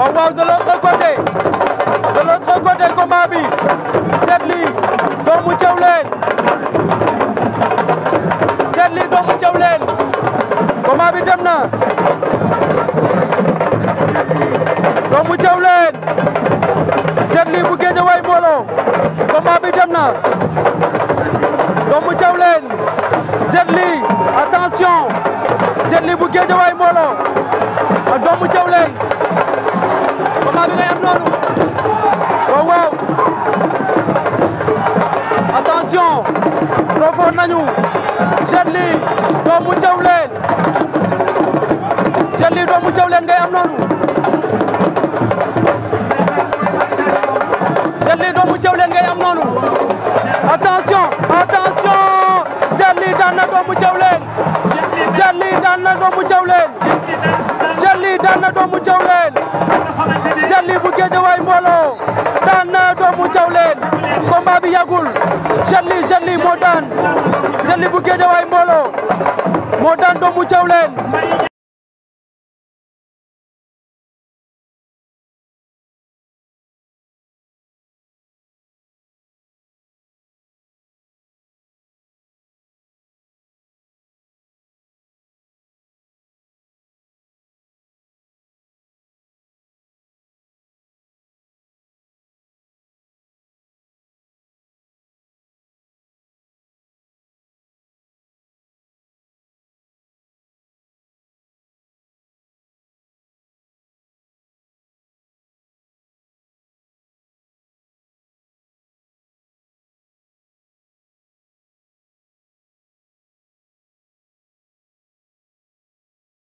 waaw waaw de l'autre côté de l'autre côté combat bi Setly doomu Thiawlène Setly doomu Thiawlène combat dem na doomu Thiawlène Setly bu Guédiawaye mbooloo combat dem na doomu Thiawlène Setly attention Setly bu Guédiawaye mbooloo doomu Thiawlène door nañu Jet Ly doomu Diawlène Jet Ly doomu Diawlène ngay am noonu Jet Ly doomu Diawlène ngay am noonu attention attention Jet Ly daan na doomu Diawlène Jet Ly daan na doomu Diawlène Jet Ly daan na doomu Diawlène Jet Ly bu Guédiawaye mbooloo combat bi moo daan Jet Li bu Géejawaay mbooloo moo daan doomu Thiawlène